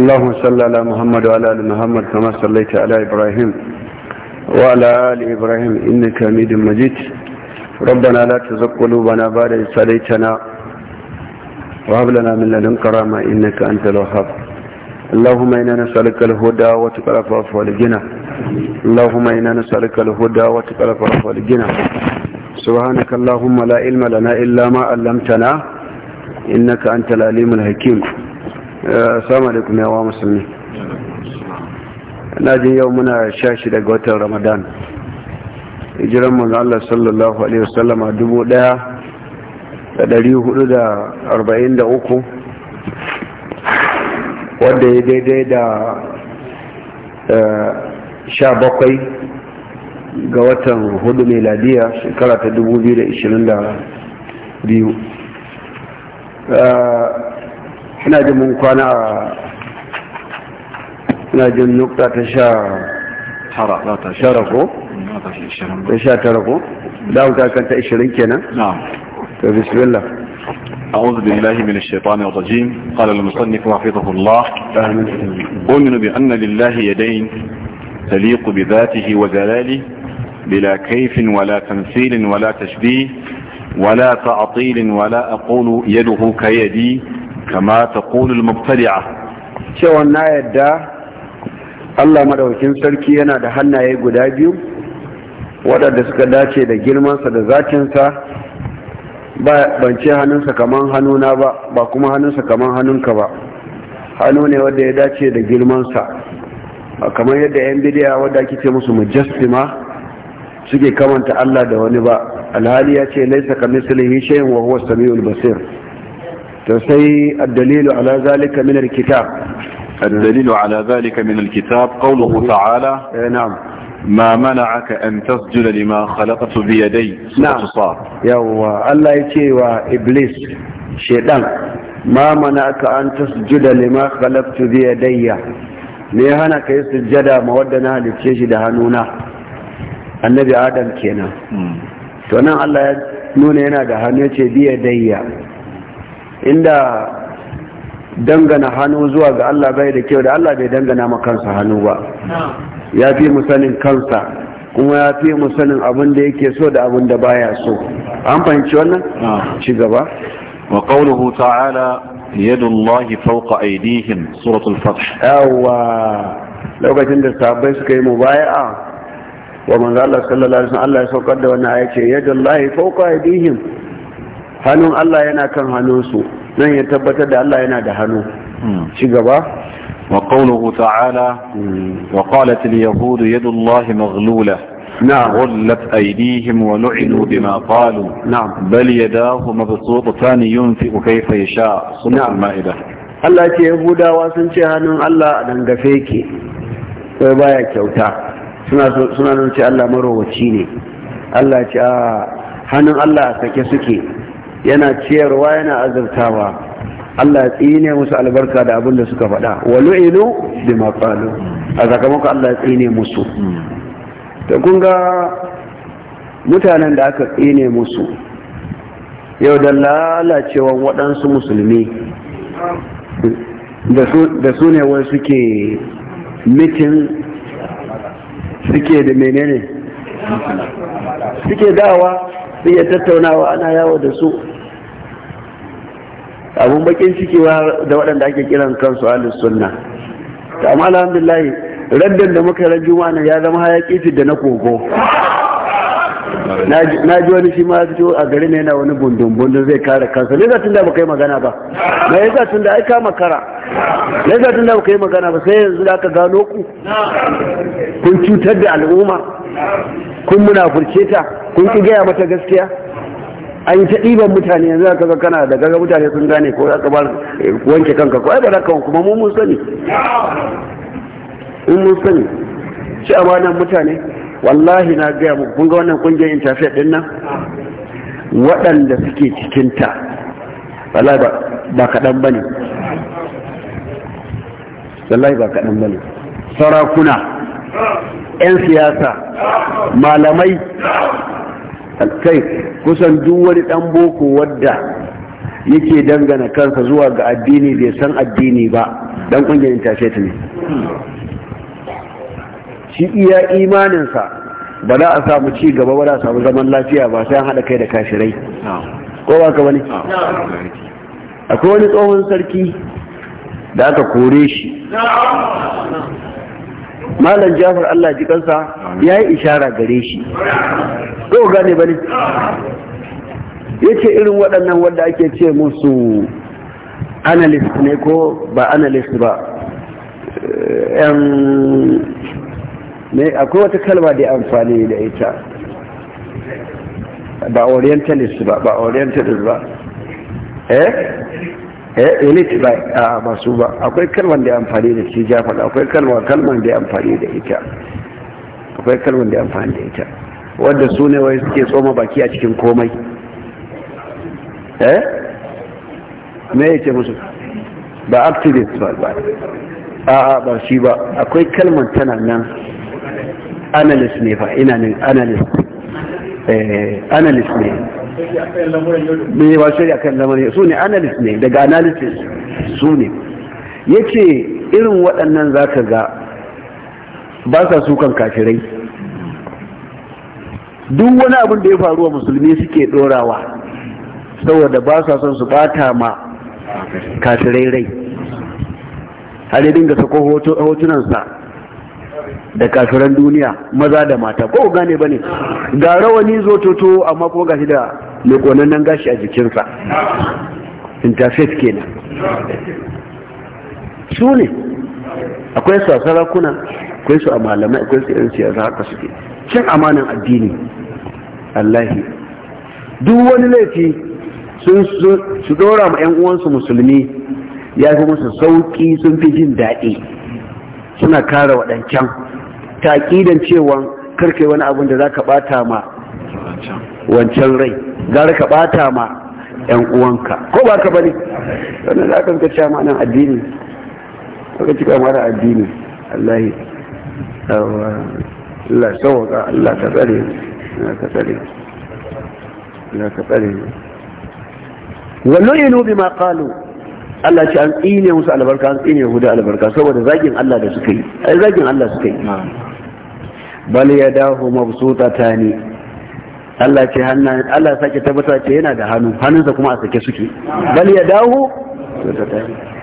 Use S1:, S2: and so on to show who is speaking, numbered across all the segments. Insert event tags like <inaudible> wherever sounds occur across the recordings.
S1: اللهم صل على محمد وعلى ال محمد كما صليت على ابراهيم وعلى ال ابراهيم انك حميد مجيد ربنا لا تزغ قلوبنا بعد إذ هديتنا وهب لنا من لدنك رحمة إنك أنت الوهاب اللهم إنا نسألك الهدى وتقى العفاف والغنى اللهم إنا نسألك الهدى وتقى العفاف والغنى سبحانك اللهم لا علم لنا إلا ما علمتنا إنك أنت العليم الحكيم assalamu alaikum yawa musulmi na jin yau muna sha shi daga watan ramadan Ijiran manzo Allah sallallahu alaihi wasallama dubu daya da dari hudu da arba'in da uku wadda ya daidai da eh, sha bakwai ga watan hudu meladiya shekara ta dubu biyu da ishirin da biyu eh, احنا دي ممكن احنا دي النقطة تشا حرق لا تشارقوا
S2: تشا ترقوا لا انت كان تشارين كنا نعم بسم الله أعوذ بالله من الشيطان الرجيم قال المصنف حفظه الله أؤمن بأن لله يدين تليق بذاته وجلاله بلا كيف ولا تمثيل ولا تشبيه ولا تعطيل ولا أقول يده كيدي kama ta ƙulul mubtadi'a
S1: cewa na yadda Allah madaukakin sarki yana da hannaye guda biyu waɗanda suka dace da girmansa da zatinsa ba bance hannunsa kaman hannuna ba ba kuma hannunsa kaman hannunka ba hannu ne ya dace da girmansa kamar yadda yan bidiya wadda ake ce musu mujassima suke kamanta Allah da wani ba alhali ya ce laisa kamislihi shay'un wa huwa samiul basir سي الدليل على ذلك من الكتاب
S2: الدليل على ذلك من الكتاب قوله تعالى إيه، نعم ما منعك أن تسجد لما خلقت بيدي نعم
S1: يوا الله يتي وإبليس شيطان ما منعك أن تسجد لما خلقت بيدي لي hana ka yi sujjada ma wadda na halicce shi da hannuna annabi بيدي inda dangana hannu zuwa ga Allah bai da kyau da Allah bai dangana ma kansa hannu ba ya fi musanin kansa kuma ya fi musanin abin da yake so da abin da baya so an fahimci wannan ci gaba
S2: wa qawluhu ta'ala yadullahi fawqa aydihim suratul fath
S1: yawa lokacin da sahabbai suka yi mubaya'a wa manzo Allah sallallahu alaihi wasallam Allah ya saukar da wannan ayace yadullahi fawqa aydihim
S2: hannun Allah yana kan hannunsu nan ya tabbatar da Allah yana da hannu hmm. ci gaba wa qawluhu ta'ala hmm. wa qalat al-yahud yadu Allah maghlula نعم غلت أيديهم ولعنوا بما قالوا نعم بل يداه مبسوطتان ينفق كيف يشاء سورة نعم. المائدة
S1: Allah ce Yahudawa sun ce hannun Allah a dangafe ke wai baya kyauta suna nan ce Allah marowaci ne Allah ce a hannun Allah a sake suke yana ciyarwa yana azurtawa Allah ya tsine musu albarka da abin da suka faɗa wa lu'inu bima qalu a sakamakon Allah ya tsine musu to kun ga mutanen da aka tsine musu yau da lalacewan waɗansu musulmi da su ne wai suke mitin suke da menene suke dawa suke tattaunawa ana yawo da su abun bakin cikewa da waɗanda ake kiran kansu ahlus sunna amma alhamdulillah raddan da muka ran juma'a nan ya zama hayaki da na kogo na ji wani shi ma fito a gari ne yana wani bundun bundun zai kare kansa ne tun da baka yi magana ba ne yi tun da aika makara ne tun da baka yi magana ba sai yanzu da aka gano ku kun cutar da al'umma kun munafurce ta kun ki gaya mata gaskiya an ta ɗiban mutane yanzu aka ga kana da gaga mutane sun gane ko za ka bar eh, wanke kanka ko ai ba za kuma mu mun sani in mun sani shi amanan mutane wallahi na gaya mu kun ga wannan kungiyar interfaith din nan waɗanda suke cikin ta wallahi ba kaɗan ba ne wallahi ba kaɗan ba ne sarakuna 'yan siyasa malamai kai kusan duk wani dan boko wadda yake dangana kansa zuwa ga addini bai san addini ba dan kungiyar ta ne shi iya imaninsa ba za a samu ci gaba ba za a samu zaman lafiya ba sai an haɗa kai da kashirai ko ba ka bane akwai wani tsohon sarki da aka kore shi malam jafar Allah ji kansa ya yi ishara gare shi ko gane bane ce irin waɗannan wanda ake ce musu analyst ne ko ba analyst ba eh, akwai wata kalma da amfani da ita ba orientalist ba ba orientalist ba eh Eh, elite ba a masu ba akwai kalman da ya amfani da shi jafa akwai kalmar kalman da ya amfani da ita akwai kalmar da ya amfani da ita wadda su ne wai suke tsoma baki a cikin komai eh me yake musu ba activist ba ba a ba shi ba akwai kalman tana nan analyst ne fa ina nan analyst eh analyst ne me ba shari'a kan lamarin su ne analyst ne daga analysis su ne ce irin waɗannan za ka ga ba sa sukan kafirai duk wani abin da ya faruwa musulmi suke ɗorawa, saboda ba sa son su bata ma kafirai rai har ya dinga sako hotunansa da kafiran duniya maza da mata ko gane bane ga rawani toto amma kuma gashi da lekonan gashi a jikinsa interfaith kenan su ne
S3: akwai su a sarakuna
S1: akwai su a malamai akwai su 'yan siyasa haka suke cin amanin addini allahi duk wani laifi sun su dora ma 'yan uwansu musulmi ya fi musu sauƙi sun fi jin daɗi suna kare waɗancan taƙidan cewa karkai wani abin da za ka ɓata ma wancan rai gara ka ɓata ma 'yan uwanka ko ba ka bane wannan za ka suka nan ma'anan addini ka cika mara addini allahi Allah sauwaka Allah ka tsare Allah ka tsare Allah ka tsare wallo yinu bima qalu Allah ce an tsine musu albarka an tsine Yahuda albarka saboda zagin Allah da suka yi ai zagin Allah suka yi bal ya dahu mabsuta ta ne Allah ce hannan Allah sake tabbata ce yana da hannu hannunsa kuma a sake suke bal ya dahu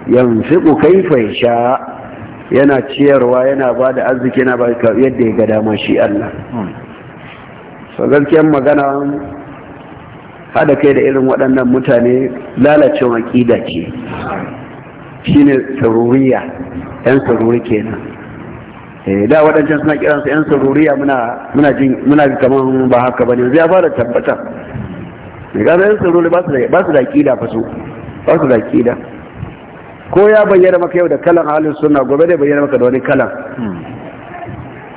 S1: yanfiqu kayfa yasha yana ciyarwa yana ba da arziki yana ba yadda ya ga dama shi Allah so gaskiyar magana hada kai da irin waɗannan mutane lalacewa aƙida ce shine saruriya yan saruri kenan Eh, da waɗancan suna kiransa 'yan sururiya muna jin muna kaman ba haka bane yanzu ya fara tabbata da eh, gaba 'yan sururi ba su da kida fa su ba su da kida ko ya bayyana maka yau da kalan halin suna gobe da bayyana maka da wani kalan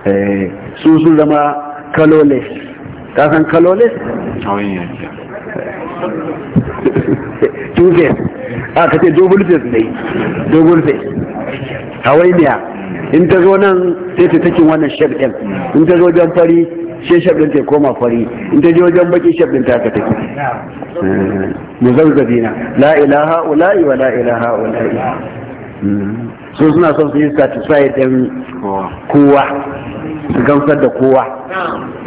S1: eh, su sun zama kalole ka san kalole? <laughs> two face a ah, ka ce double face ne double face hawainiya in ta zo nan sai ta takin wannan shef ɗin in ta zo wajen fari sai shef ɗin ta koma fari in ta je wajen baki shef ɗin ta ka take
S3: eh,
S1: na, la ilaha ula'i wa la ilaha ula'i hmm. so suna son su yi satisfy ɗin kowa su gamsar da kowa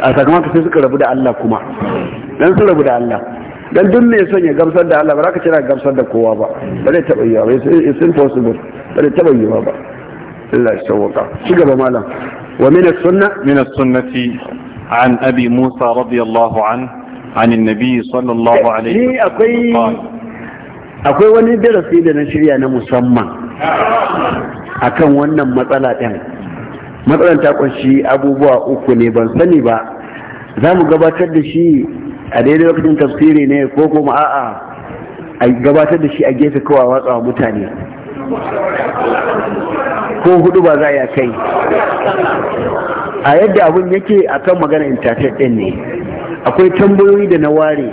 S1: a sakamakon sai suka rabu da Allah kuma dan su rabu da Allah dan duk mai son ya gamsar da Allah ba za ka kira gamsar da kowa ba ba zai taɓa yi ba it's impossible ba zai taɓa yi ba
S2: Allah ya sauwaka shi gaba malam wa min as min as-sunnati an abi Musa radiyallahu an an annabi sallallahu alaihi ni akwai
S1: akwai wani darasi da na shirya na musamman akan wannan matsala din matsalar ta kunshi abubuwa uku ne ban sani ba za mu gabatar da shi a daidai lokacin tafsiri ne ko kuma a'a a gabatar da shi a gefe kawai watsawa mutane ko hudu ba za a ya kai a yadda abin yake a kan magana intanet ɗin ne akwai tambayoyi da na ware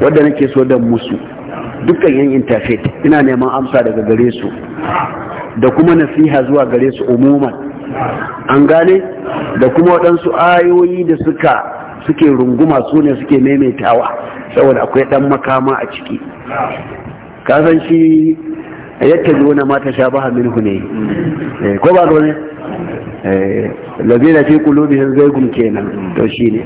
S1: wadda nake so dan musu dukkan yan intanet ina neman amsa daga gare su da kuma nasiha zuwa gare su umuman an gane da kuma waɗansu ayoyi da suka suke runguma su ne suke maimaitawa saboda akwai ɗan makama a ciki kasan shi yattabi'una ma tashabaha minhu ne eh, ko ba ga ne eh, lazina fi qulubihim zaygun kenan to shine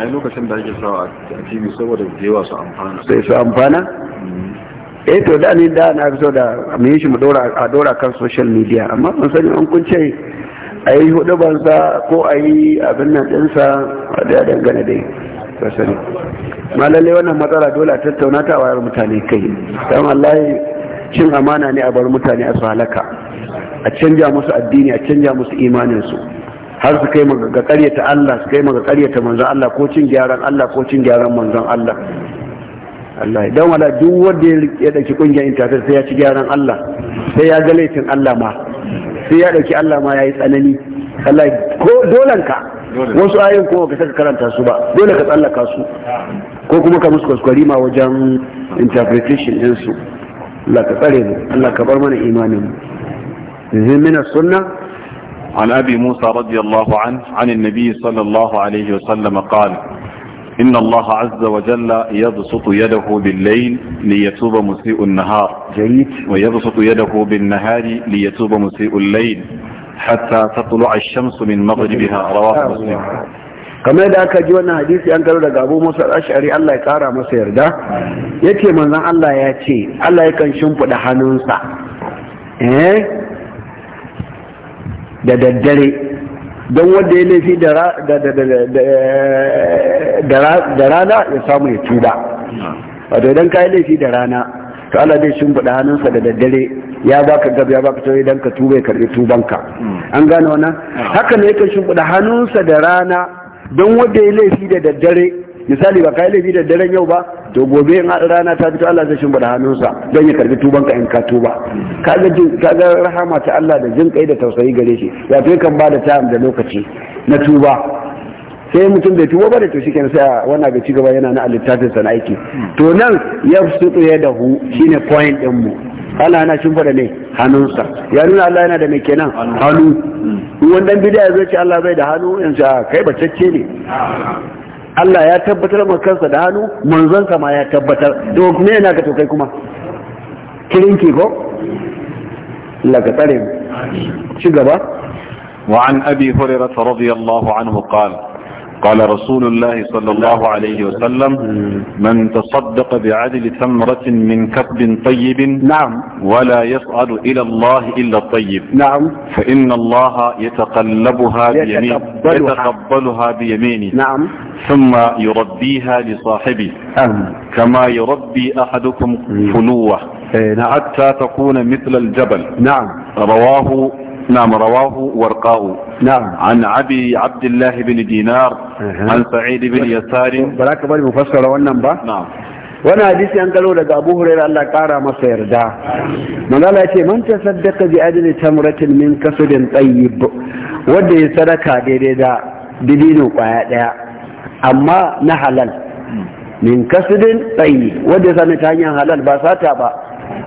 S2: a lokacin da ake sawa a tv saboda da su amfana
S1: sai su amfana mm. eh to da ni da na so da mu yi shi mu dora a dora kan social media amma ban sani an kun ce a yi hudu bansa ko a yi abin nan ɗinsa da dangane dai ka sani ma lalle wannan matsala dole a tattauna ta wayar mutane kai dan wallahi cin amana ne a bar mutane a su halaka a canja musu addini a canja musu imaninsu har su kai ga karyata Allah su kai ga karyata manzon Allah ko cin gyaran Allah ko cin gyaran manzon Allah Allah dan wala duk wanda ya dauki kungiyar intafir sai ya ci gyaran Allah sai ya ga laifin Allah ma sai ya dauki Allah ma yayi tsanani Allah ko dolanka wasu ayoyin ko ka saka karanta su ba dole ka tsallaka su ko kuma ka musu kwaskwari ma wajen interpretation din su لا ka الله كبر من إيمانهم من السنة
S2: عن أبي موسى رضي الله عنه عن النبي صلى الله عليه وسلم قال إن الله عز وجل يبسط يده بالليل ليتوب مسيء النهار جيد ويبسط يده بالنهار ليتوب مسيء الليل حتى تطلع الشمس من مغربها رواه مسلم
S1: kamar da aka ji wannan hadisi an karo daga abu musa ashari allah ya kara masa yarda ya ce manzan allah ya ce allah ya kan shimfiɗa hannunsa eh da daddare don wanda ya laifi da rana ya samu ya tuba wato idan ka yi laifi da rana to Allah zai shimfiɗa hannunsa da daddare ya ka gab ya ka tauri idan ka tuba ya karɓi tubanka an gane wannan hmm. haka ne yakan shimfiɗa hannunsa da rana don wadda ya laifi da daddare misali ba ka yi laifi da daddare yau ba to gobe in haɗa rana ta fito Allah zai shimfiɗa hannunsa don ya karbi tubanka in ka tuba Ka ga rahama ta Allah da jin kai da tausayi gare shi ya fi kan ba da time da lokaci na tuba sai mutum bai tuba ba da to shi kenan sai wannan ga cigaba yana na littafin na aiki to nan ya fito ya dahu shine point din mu Allah yana cin da ne hannunsa ya nuna Allah yana da mai kenan hannu ruwan dan bidaya zai ce Allah bai da hannu yanzu a kai bacacce ne Allah ya tabbatar ma kansa da hannu manzonsa ma ya tabbatar to me yana ka to kai kuma
S2: kirinki ko Allah ka ci gaba وعن أبي هريرة رضي الله عنه قال رسول الله صلى الله عليه وسلم من تصدق بعدل ثمرة من كسب طيب نعم ولا يصعد إلى الله إلا الطيب نعم فإن الله يتقلبها بيمينه يتقبلها بيمينه نعم ثم يربيها لصاحبه أه. كما يربي أحدكم فلوه إيه، نعم. حتى تكون مثل الجبل نعم رواه نعم رواه ورقاء نعم عن ابي عبد الله بن دينار عن سعيد بن يسار بلاك بل مفسر wannan ba na'am wannan hadisi
S1: an galo daga Abu Hurairah Allah kara masa yarda manala yace man tasaddaqa bi ajli tamratin min kasudin tayyib wanda ya sadaka daidai da dibino kwaya daya amma na halal min kasudin tayyib wanda ya sami ta hanyar halal ba sata ba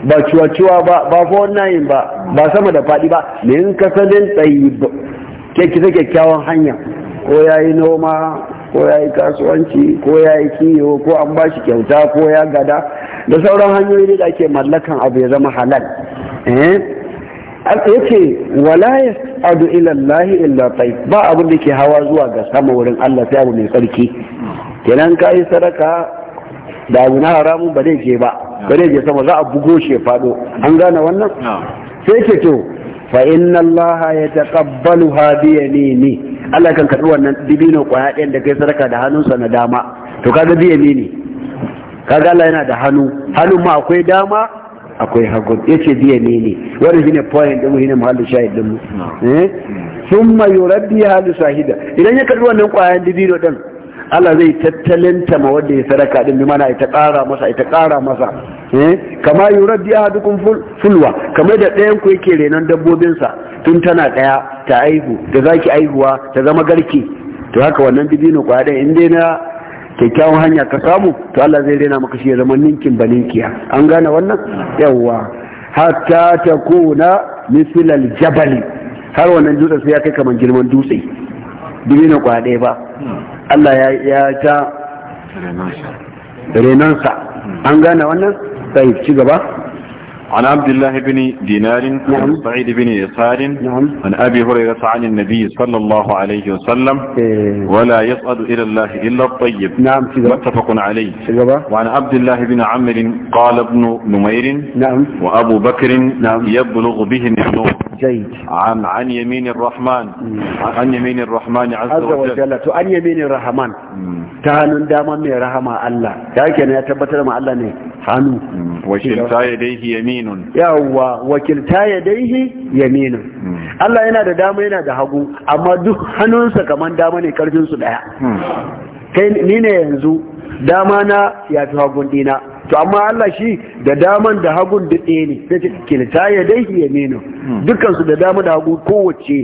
S1: ba ciwa-ciwa ba ba nayin ba ba sama da faɗi ba ne in kasalin tsayi ke kisa kyakkyawan hanya ko ya yi noma ko ya yi kasuwanci ko ya yi kiyo ko an ba shi kyauta ko ya gada da sauran hanyoyi da ake mallakan abu ya zama halal eh? ya ce wala ya adu ilallahi illa tsayi ba abin da ke hawa zuwa ga sama wurin allah sai abu mai tsarki kenan ka yi sadaka da abu na haramun ba zai je ba bare je sama za a bugo shi ya fado an gane wannan sai ke to fa inna Allah ya taqabbalu hadi yamini Allah kan karbi wannan dibino kwaya ɗayan da kai sadaka da hannunsa na dama to kaga bi yamini kaga Allah yana da hannu hannun ma akwai dama akwai hagu yace bi yamini wannan shine point din mu shine mahallu shahid din mu eh thumma yurabbi halu shahida idan ya karbi wannan kwayan dibino din Allah zai tattalinta ma wanda ya sadaka din bi mana ita kara masa ita kara masa eh kama yuraddi ahadukum fulwa kamar da ɗayan ku yake renon sa tun tana ɗaya ta aihu da zaki aihuwa ta zama garki to haka wannan dibino kwa in dai na kyakkyawan hanya ka samu to Allah zai rena maka shi ya zama ninkin ba an gane wannan yawwa hatta takuna mislal jabali har wannan dutsen sai ya kai kamar girman dutse dibino kwa ɗaya ba Allah ya ja renonsa an gane
S2: wannan sai ci gaba عن عبد الله بن دينار نعم. عن سعيد بن يسار نعم. عن أبي هريرة عن النبي صلى الله عليه وسلم إيه. ولا يصعد إلى الله إلا الطيب نعم سيدة. متفق عليه سيدة. وعن عبد الله بن عمرو قال ابن نمير نعم. وأبو بكر نعم. يبلغ به النور جيد عن عن يمين الرحمن عن يمين الرحمن عز وجل
S1: to rahaman ta hannun dama mai rahama Allah ta yake ne ya tabbatar ma Allah ne
S2: hannu wakilta yadaihi yaminun
S1: yawwa wakilta yadaihi yaminun Allah yana da dama yana da hagu amma duk hannunsa kamar dama ne karfin su kai ni ne yanzu dama na ya fi hagun dina to amma Allah shi da daman da hagun duk ɗaya ne sai ce kilta ya dai ya menu hmm. dukkan su da dama da hagu kowace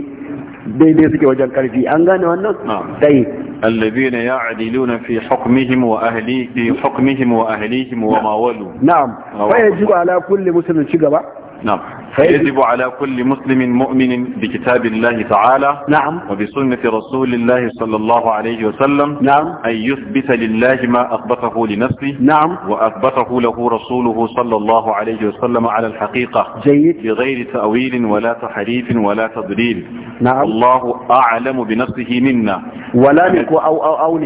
S1: daidai suke wajen karfi an gane wannan
S2: dai الذين يعدلون في حكمهم وأهلي في حكمهم وأهليهم وما ولوا نعم ويجب
S1: على كل مسلم شغبا
S2: نعم فيجب على كل مسلم مؤمن بكتاب الله تعالى نعم وبسنة رسول الله صلى الله عليه وسلم نعم أن يثبت لله ما أثبته لنفسه نعم وأثبته له رسوله صلى الله عليه وسلم على الحقيقة جيد بغير تأويل ولا تحريف ولا تضليل نعم الله أعلم بنفسه منا ولا أو أو أو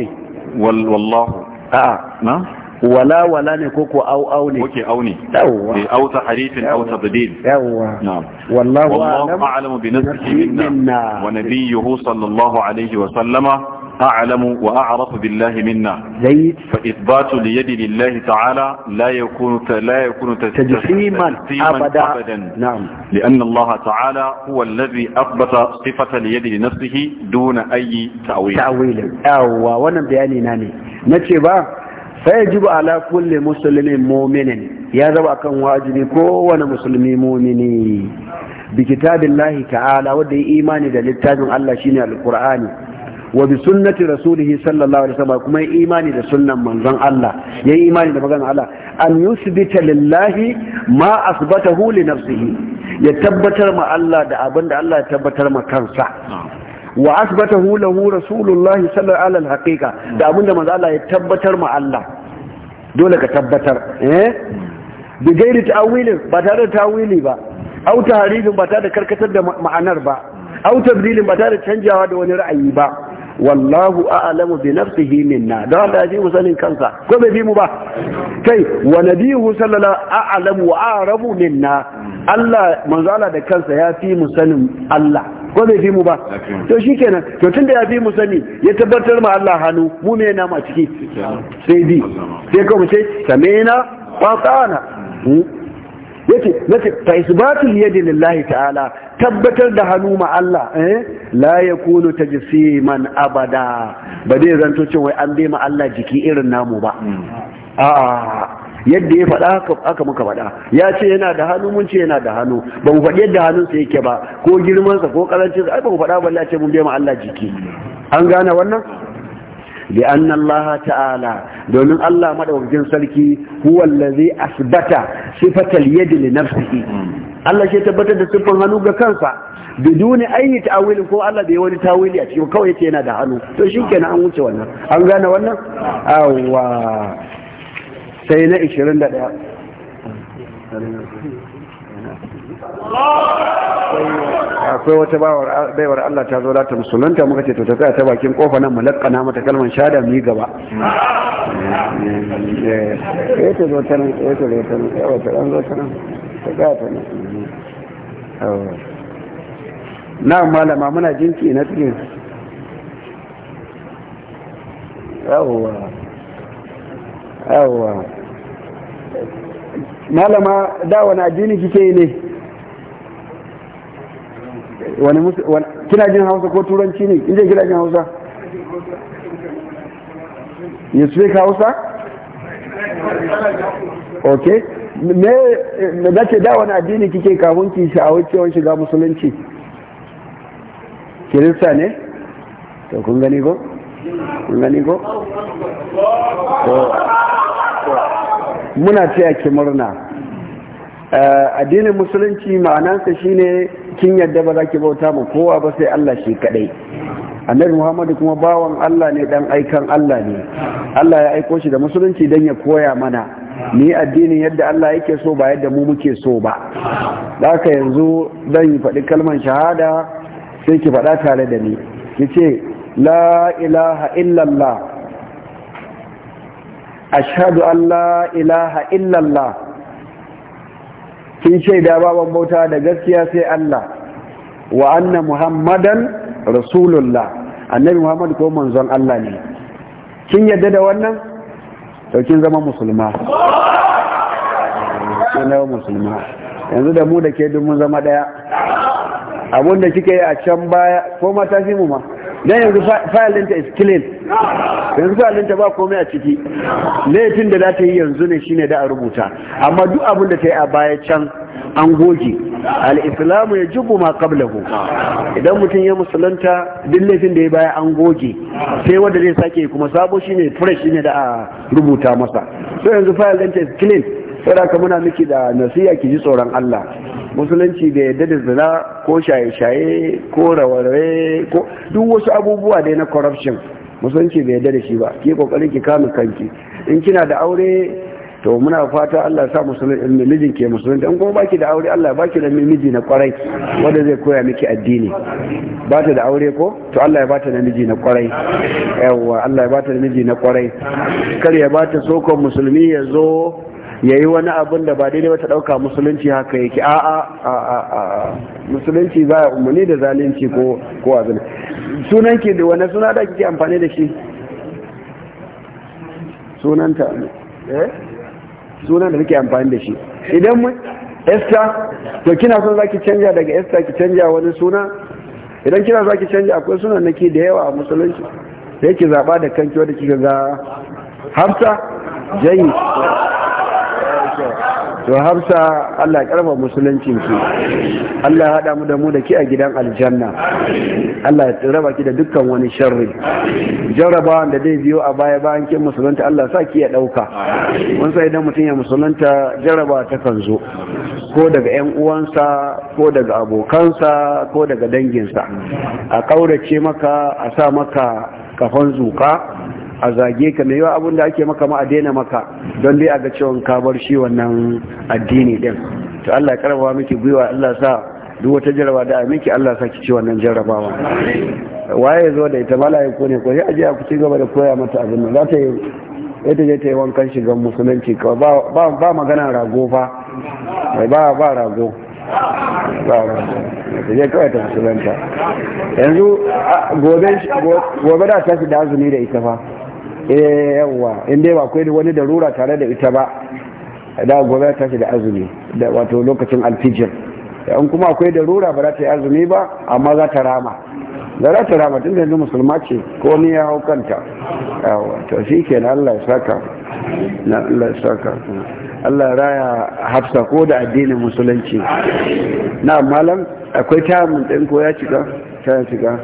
S2: والله آه نعم wala wala ne ko ko au au ne oke au ne yawwa ne au ta harifin au ta badil yawwa na'am wallahu a'lamu bi nafsihi minna wa nabiyyuhu sallallahu alaihi wa sallama أعلم وأعرف بالله منا زيد فإثبات اليد لله تعالى لا يكون لا يكون تجسيما أبدا, أبدا نعم لأن الله تعالى هو الذي أثبت صفة اليد لنفسه دون أي تأويل تأويل
S1: أو ونبدأ ناني نتشبه فيجب على كل مسلم مؤمن يا زبا كان واجبي كون مسلمي مؤمني بكتاب الله تعالى ودي إيماني ده للتاج الله شيني القرآن وبسنة رسوله صلى الله عليه وسلم كما إيماني ده سنة من زن الله يا إيماني ده بغن الله أن يثبت لله ما أثبته لنفسه يتبتر ما الله ده أبن الله يتبتر ما كان صح wa asbatahu lahu rasulullahi sallallahu alaihi haqiqa da abinda manzo Allah ya tabbatar ma Allah dole ka tabbatar eh bi gairi ta'wilin ba tare da tawili ba au tahrifin ba tare da karkatar da ma'anar ba au tabdilin ba tare da canjawa da wani ra'ayi ba wallahu a'lamu bi nafsihi minna da Allah ya mu sanin kansa ko bai bi mu ba kai wa nabiyyu sallallahu a'lamu wa a'rafu minna Allah manzo Allah da kansa ya fi mu sanin Allah ko bai fi mu ba to shi kenan to tunda ya fi mu sani ya tabbatar ma Allah hannu mu me nama a ciki sai bi sai kuma ce samina wa ta'ana yace nace fa isbatul yadi lillahi ta'ala tabbatar da hannu ma Allah eh la yakunu tajsiman abada ba dai zanto cewa wai an bai ma Allah jiki irin namu ba hmm. a'a yadda ya faɗa aka muka faɗa ya ce yana da hannu mun ce yana da hannu ba mu faɗi yadda hannunsa yake ba ko girmansa ko sa ai ba mu faɗa ba a ce mun bai ma Allah jiki an gane wannan bi anna Allah ta'ala domin Allah madaukakin sarki huwa allazi asbata sifatal yadi li nafsihi Allah shi tabbatar da siffan hannu ga kansa biduni ayi ta'awili ko Allah bai wani tawili a cikin kawai yace yana da hannu to kenan an wuce wannan an gane wannan awwa sai na 21 akwai wata baiwar Allah ta zo ta musulunta muka ce to ta ta bakin kofa nan na mata kalmar shada mu yi gaba ya ta zo ta nan ya ta zo ta nan ya wata zo ta nan ta ga ta nan na malama muna jinki na cikin yawwa yawwa malama da wani addini kike ne wani kina jin hausa ko turanci ne inda kina jin hausa
S3: you ka hausa ok
S1: me da ce da wani addini kike kamun ki sha'awar cewar shiga musulunci kirista ne to kun gani ko kun gani ko muna taya ki murna eh, addinin musulunci ma'anansa shine kin yadda ba za ki bauta ma kowa ba sai Allah shi kadai annabi muhammadu kuma bawan Allah ne dan aikan Allah ne Allah ya aiko shi da musulunci dan ya koya mana ni addinin yadda Allah yake so ba yadda mu muke so ba haka yanzu zan yi faɗi kalmar shahada sai ki faɗa tare da ni ki ce la ilaha illallah ashhadu an la ilaha illallah kin shaida baban bauta da gaskiya sai Allah wa anna muhammadan rasulullah annabi muhammad ko manzon Allah ne kin yadda da wannan to kin zama musulma Kin zama musulma yanzu da mu da ke mun zama daya abinda kike yi a can baya ko mata fi mu ma dan yanzu fayil ta is clean yanzu fayil ta ba komai a ciki laifin da za ta yi yanzu ne shine da a rubuta amma duk abin da ta yi a baya can an goge al-islamu ya jibu ma qablahu idan mutum ya musulunta duk laifin da ya baya an goge sai wanda zai sake kuma sabo shine fresh shine da a rubuta masa so yanzu fayil ta is clean ka muna miki da nasiya ki ji tsoron Allah musulunci da yadda da zina ko shaye-shaye ko raware ko duk wasu abubuwa dai na corruption musulunci bai yadda da shi ba ki kokarin ki kame kanki in kina da aure to muna fata Allah sa musulmi mijin ke musulunci in kuma baki da aure Allah baki da miji na kwarai wanda zai koya miki addini ba ta da aure ko to Allah ya bata da miji na kwarai yawa Allah ya bata da miji na kwarai kar ya bata sokon musulmi ya zo yayi wani abin da ba daidai ba ta dauka musulunci haka yake a a musulunci za a umarni da zalunci ko ko abin sunan ki da wani suna da kike amfani da shi sunanta eh sunan da kike amfani da shi idan mu
S3: Esther to
S1: kina son zaki canja daga Esther ki canja wani suna idan kina zaki canja akwai sunan nake da yawa a musulunci sai ki zaba da kanki wanda kika ga hamsa jayi
S3: to
S1: hafsa Allah karfa musuluncin ki Allah ya hada mu da mu da ki a gidan aljanna Allah ya raba ki da dukkan wani sharri Jarrabawa da zai biyo a baya bayan kin musulunta Allah sa ki ya dauka mun sai idan mutum ya musulunta jarraba ta kan zo ko daga yan uwansa ko daga abokansa ko daga danginsa a kaurace maka a sa maka kafan zuka a zage ka mai yawa abin da ake maka ma a daina maka don dai a ga cewa ka bar shi wannan addini din to Allah ya karbawa miki gwiwa Allah sa duk wata jaraba da miki Allah sa ki ci wannan jarabawa waye ya zo da ita malaye ko ne ko sai a ku ci gaba da koya mata abin nan za ta yi sai ta je ta yi wankan shigan musulunci ba ba magana rago fa ba ba rago je kawai ta musulunta yanzu gobe da ta fi da azumi da ita fa eh yawa in ba akwai wani darura tare da ita ba da gobe ta da azumi da wato lokacin alfijir in kuma akwai darura ba za ta yi azumi ba amma za ta rama da za ta rama tun da yanzu musulma ce ko ni ya hau kanta yawwa to shi ke na Allah ya saka na Allah ya saka Allah raya hafsa ko da addinin musulunci na malam akwai mun ɗin ko ya cika ta cika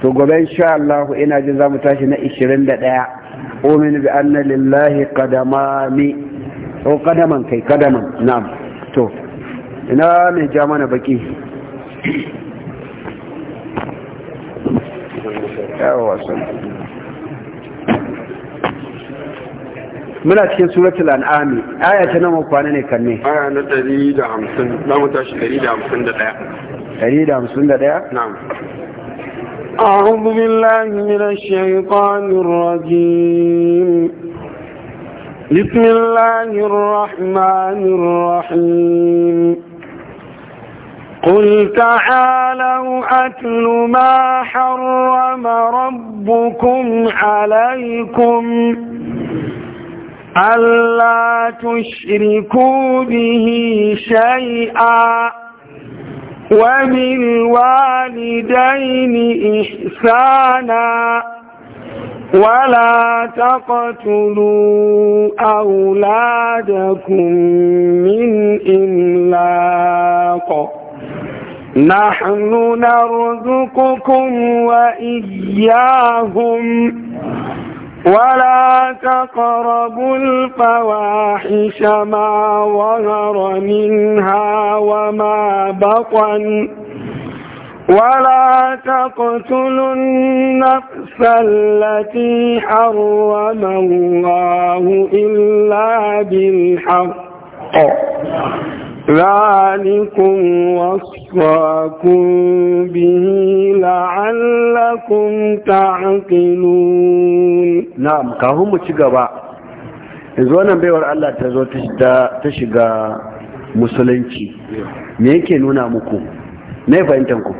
S1: to gobe insha Allah ina jin za mu tashi na ɗaya. أؤمن بأن لله قدمان أو قدما كي قدما نعم تو ina mai ja mana baki muna cikin suratul an'ami aya ta nan kwana ne kan ne aya na 150
S2: za mu tashi 151
S1: 151 na'am
S4: أعوذ بالله من الشيطان الرجيم بسم الله الرحمن الرحيم قل تعالوا أتل ما حرم ربكم عليكم ألا تشركوا به شيئا وبالوالدين إحسانا ولا تقتلوا أولادكم من إملاق نحن نرزقكم وإياهم ولا تقربوا الفواحش ما ظهر منها وما بطن ولا تقتلوا النفس التي حرم الله إلا بالحق ذلكم وصاكم به لعلكم تعقلون
S1: نعم كهم متشغبا yanzu wannan baiwar Allah ta zo ta shiga musulunci me yake nuna muku me fahimtar ku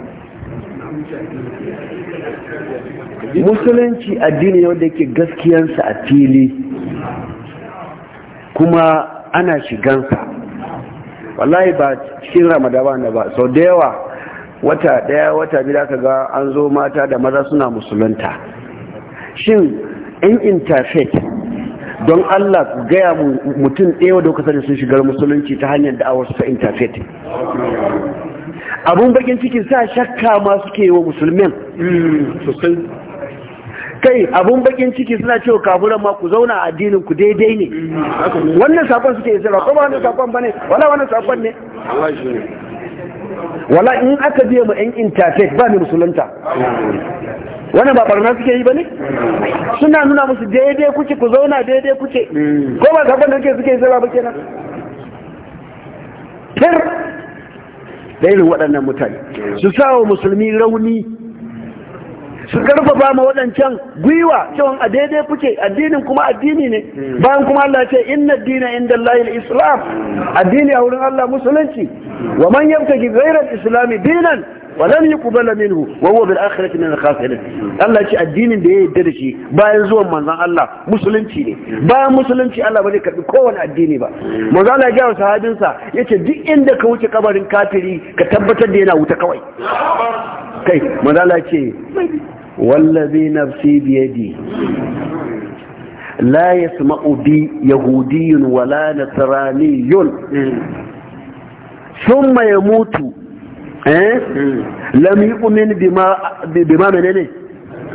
S3: musulunci
S1: addini wanda yake gaskiyansa a fili kuma ana shigansa wallahi ba cikin ba ne ba sau da yawa wata daya wata biyu da ga an zo mata da maza suna musulunta shin in interfaith don Allah ku gaya mutum ɗaya da da sun shigar musulunci ta hanyar da su ta interfaith abun bakin cikin sa shakka ma suke yi wa musulmin mm, kai abun bakin ciki suna cewa kafuran ma ku zauna a addinin ku daidai ne wannan sakon suke isarwa ko ba wannan sakon bane wala wannan sakon ne wala in aka biya mu yan interfaith ba ne musulunta wannan ba barna suke yi ba ne suna nuna musu daidai kuke ku zauna daidai kuke ko ba sakon da suke yi isarwa ba kenan fir da irin waɗannan mutane su sa wa musulmi rauni su karfafa ma waɗancan gwiwa cewa a daidai kuke addinin kuma addini ne bayan kuma Allah ce inna dina inda Allah islam addini a wurin Allah musulunci wa man yabtaki ghayra islami dinan wa lam yuqbal minhu wa huwa bil akhirati min al khasirin Allah ce addinin da ya yarda da shi bayan zuwan manzon Allah musulunci ne bayan musulunci Allah ba zai karbi kowane addini ba manzon Allah ya ga sahabinsa yace duk inda ka wuce kabarin kafiri ka tabbatar da yana wuta kawai kai manzon Allah ce wallazi nafsi biyadi la yasma'u bi yahudiyyun wala nasraniyyun thumma yamutu eh lam yu'min bima bima menene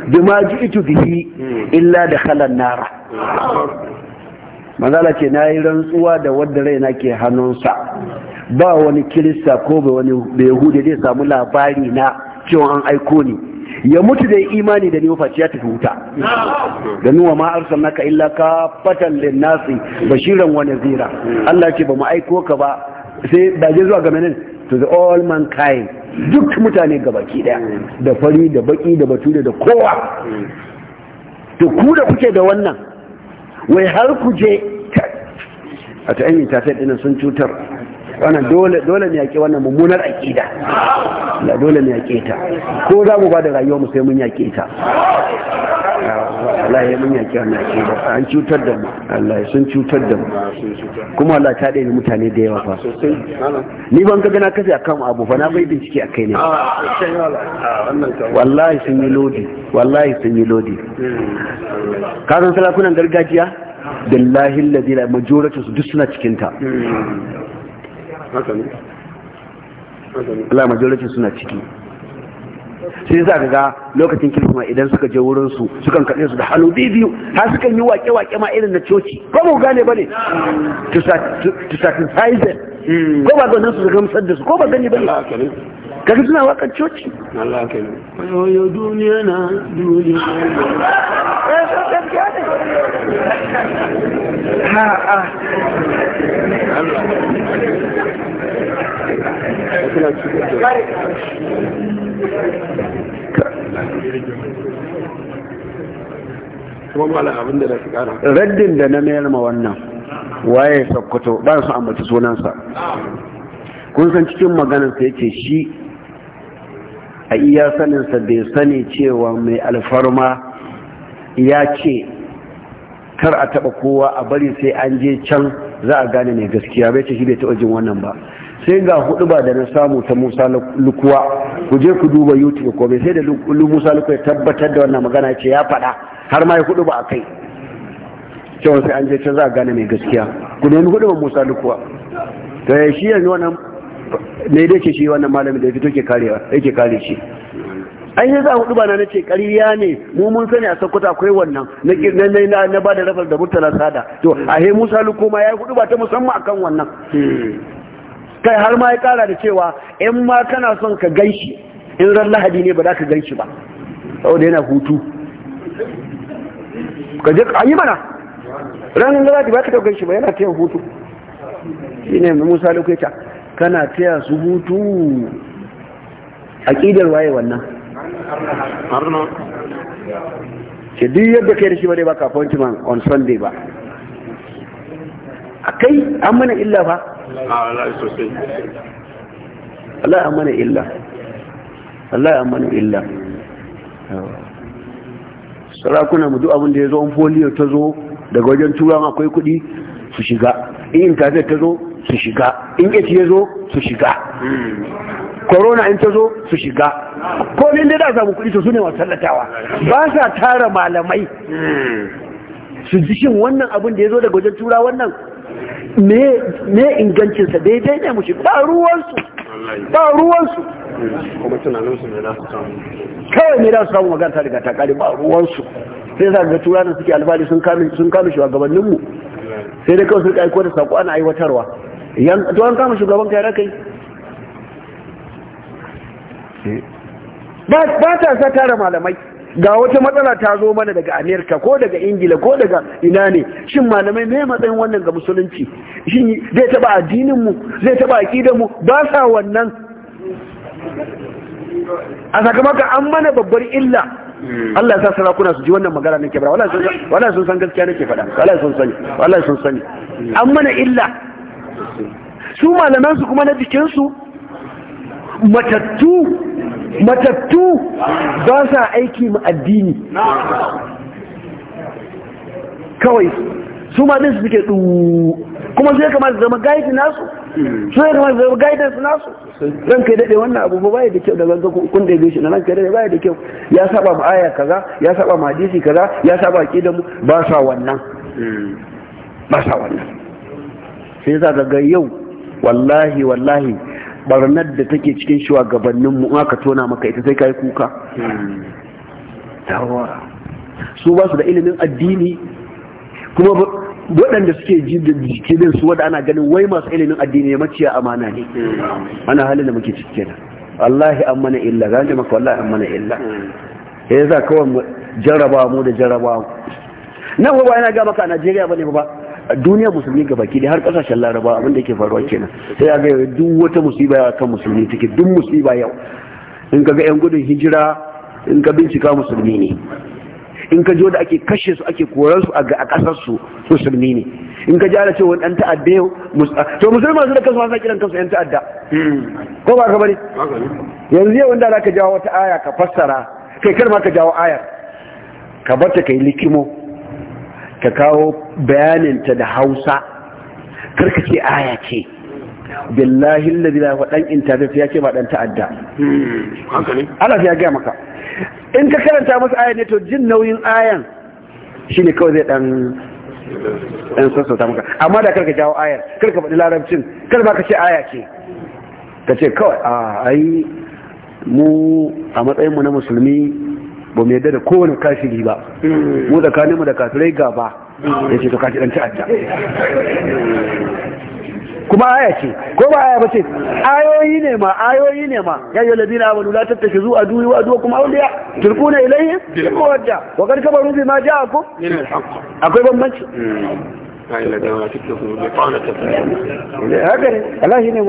S1: bima ji'tu bihi illa dakhala an-nar manzala ce na yi rantsuwa da wadda raina ke hannunsa ba wani kirista ko ba wani bai hude zai samu labari na cewa an aiko ni ya mutu da imani da ni face ya tafi wuta da nuwa ma arsalnaka illa ka fatan kafatan linnasi bashiran wa nazira Allah ce ba mu aiko ka ba sai daje zuwa ga menene to the all mankind duk mutane gabaki daya da fari da baki da bature da kowa to ku da kuke da wannan wai har ku je a ta ta sai sun cutar wannan dole dole ne yake wannan mummunar aqida la dole ne yake ta ko za mu bada rayuwa mu sai mun yake ta Allah ya mun yake wannan aqida an cutar da mu Allah sun cutar da mu kuma Allah ta dai mutane da yawa fa ni ban ga gana kace akan abu fa na bai bincike akai ah,
S4: ah, ne wallahi
S1: sun yi lodi wallahi sun yi lodi
S4: hmm.
S1: kasan salakunan gargajiya billahi alladhi la majuratu duk suna cikinta hmm. Allah majalisar suna ciki sai za ka ga lokacin kirkuma idan suka je wurinsu sukan kaɗe su da hannu biyu har sukan yi wake-wake ma irin na coci ko ba gane ba ne to satisfize hmm. ko ba ganin su gamsar da su ko ba gani ba ne kaga suna wakan coci
S4: Allah ka yi duniya na duniya eh, raddin
S1: da na mayar ma wannan waye sokoto ba su ambaci sunansa kun san cikin maganarsa yake shi a iya saninsa bai sani cewa mai alfarma ya ce kar a taba kowa a bari sai an je can za a gane mai gaskiya bai ce shi bai taɓa jin wannan ba sai ga hudu ba da na samu ta musa lukuwa ku je ku duba youtube ko bai sai da musa lukuwa ya tabbatar da wannan magana ce ya faɗa har ma ya hudu ba a kai cewa sai an je can za a gane mai gaskiya ku nemi hudu ba musa lukuwa to ya shi yanzu wannan ne da ke shi wannan malamin da ya fito ke karewa yake kare shi An yi za a hudu ba na ce ƙarya ne mu mun sani a sokoto akwai wannan na na ba da rafar da murtala sada to a he musa lukuma ma ya hudu ba ta musamman akan wannan hmm. kai har ma ya kara da cewa in ma kana son ka gan shi in ran lahadi ne ba za ka gan shi ba saboda yana hutu
S3: ka je ka yi mana
S1: ranar lahadi ba ka gan shi ba yana tayan hutu shi ne musa lokaci kana taya su hutu A ƙidar waye wannan
S3: shi duk yadda kai
S1: da shi ba dai ba kafin on sunday ba a kai an mana illa ba ah, Allah ya mana illa Allah an mana illa sarakuna mu duk abin da ya zo an foliyo ta zo daga wajen turan akwai kuɗi su shiga in intanet ta zo su shiga in ƙeci ya zo su shiga korona in ta zo su shiga komin da da samu kuɗi to su ne masu tallatawa ba sa tara malamai hmm. su ji wannan abin da ya zo daga wajen tura wannan me ingancinsa daidai ne mushi ba ruwansu ba ruwansu
S4: kuma tunaninsu ne za su samu
S1: kawai ne za su samu magana ta ta kare ba ruwansu sai za ga turanin suke albali sun kame shugabanninmu sai dai kawai sun aiko da saƙo ana aiwatarwa tuwan kama shugaban kai rakai eh. ba ta sa tara malamai ga wata matsala ta zo mana daga amerika ko daga ingila ko daga ina ne shin malamai me matsayin wannan ga musulunci shin zai taba addinin mu zai taba aqidar mu ba sa wannan a sakamakon an mana babbar illa Allah ya sa kuna su ji wannan magana nake bara wallahi sun san gaskiya nake faɗa wallahi sun sani wallahi sun sani an mana illa su malaman su kuma na jikin su matattu matattu ba sa aiki ma addini kawai su ma din su suke du kuma sai kamata zama gaiti nasu su ya kamata zama gaiti nasu ran kai dade wannan abu ba ya da kyau daga ga kun da yake shi ran kai dade bai da kyau ya saba ma aya kaza ya saba ma hadisi kaza ya saba aqidar mu ba sa wannan
S4: ba sa wannan
S1: sai za ga yau wallahi wallahi barnar da take cikin shugabannin mu aka tona maka ita sai kai kuka tawara su ba su da ilimin addini kuma waɗanda suke jikin su wanda ana ganin wai masu ilimin addini ne maciya amana ne ana halin da muke ciki kenan wallahi an mana illa zan maka wallahi an mana illa eh za kawai jarraba mu da jarraba nan ba yana ga maka a Najeriya bane ba Duniya musulmi ga baki da har kasashen laraba abin da ke faruwa kenan sai ya ga duk wata musiba ya kan musulmi take duk musiba yau in ka ga yan gudun hijira in ka bincika musulmi ne in ka jo da ake kashe su ake koran su a kasar su musulmi ne in ka ji cewa dan ta'adda yau to musulmi masu da kansu ba sa kiran kansu yan ta'adda ko ba ka bari yanzu yau inda zaka jawo wata aya ka fassara kai kar ma ka jawo ayar ka bata kai likimo ka kawo bayaninta da hausa karka ce aya ce billahi lalzi na dan intanet ya ce ba dan ta'adda
S3: hmm, Allah
S1: ya gaya maka in ka karanta masa aya ne to jin nauyin ayan shi ne kawai zai dan ɗan sassauta maka amma da karka jawo ayar karka faɗi larabcin kar ba ka ce aya ce ka ce kawai a ah, ai mu a matsayinmu na musulmi ba mu yadda da kowane kashiri ba hmm. mu tsakaninmu da kafirai gaba ya ce to kashi dan ta'adda kuma aya ce ko ba aya ba ce ayoyi ne ma ayoyi ne ma ya yi ladina abu la tattashi zuwa duwi wa duwa kuma auliya turkuna ilayi turku wadda wa kad ma bima ja'akum akwai bambanci hmm. eh, haka ne Allah shi ne eh,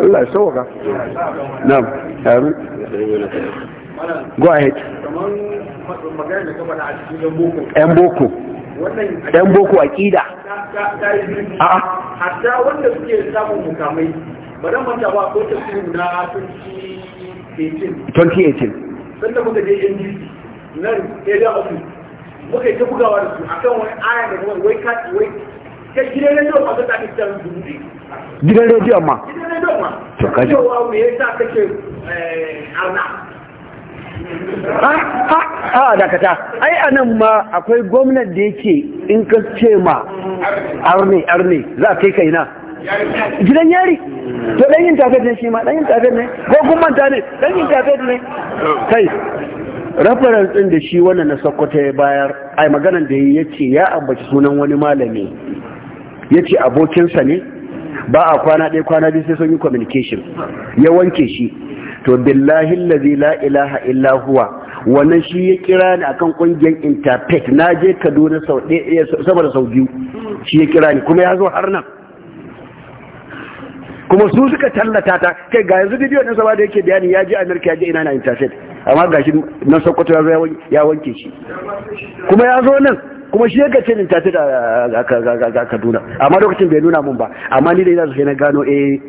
S1: Allah ya sauka
S3: na'am amin go ahead
S1: yan boko yan boko a a'a hatta wanda suke samun mukamai manta ba ko ta na 2018 sun muka je nan area office muka ta bugawa da su akan wani aya da kuma wai ka wai gidan rediyon ma ta gidan rediyon ma gidan rediyon ma to kaje wa me yasa kake
S3: eh, arna
S1: a dakata ai anan ma akwai gwamnan da yake in ka ce ma arne arne za kai kai na gidan yari to dan yin tafiyar ne shi ma dan yin tafiyar ne ko gumman manta ne dan yin tafiyar ne kai reference din da shi wannan na Sokoto ya bayar ai maganan da ya ce ya ambaci sunan wani malami ya ce abokinsa ne ba a kwana ɗaya kwana biyu sai sun yi communication ya wanke shi to billahi allazi la ilaha illa huwa wannan shi ya kira ni akan kungiyar interpret na je kaduna sau eh, saboda sau biyu shi ya kira ni kuma ya zo har nan kuma su suka tallata ta kai ga yanzu bidiyo ɗinsa saboda yake bayani ya je Amurka ya je ina na interpret amma ga shi na sokoto ya wanke shi kuma ya zo nan kuma shi ya gace interpret a kaduna amma lokacin bai nuna mun ba amma ni da ina sai na gano eh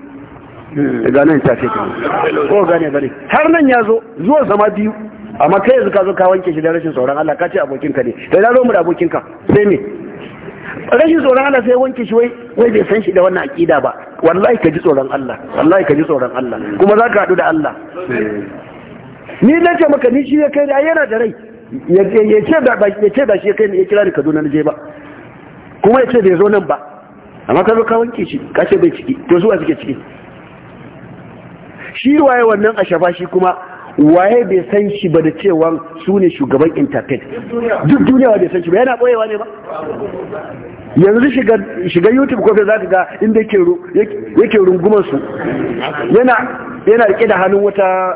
S1: ganin nan ta ce kan ko gane bane har nan ya zo zuwa zama biyu amma kai yanzu ka zo ka wanke shi da rashin tsoron Allah ka ce abokin ka ne da zaro mu da abokin ka sai me rashin tsoron Allah sai wanke shi wai wai bai san shi da wannan akida ba wallahi ka ji tsoron Allah wallahi ka ji tsoron Allah kuma za ka hadu da Allah ni na ce maka ni shi ya kai da yana da rai ya ce da ya ce da shi ya kai ne ya kira ni Kaduna na je ba kuma ya ce bai zo nan ba amma ka zo ka wanke shi ka ce bai ciki to zuwa suke ciki shi waye wannan a shafashi kuma waye bai san shi ba da cewa su ne shugaban interpret duk duniya bai san shi ba yana boyewa ne ba yanzu shiga youtube kofin za ka ga inda yake rungumar su yana rike da hannun wata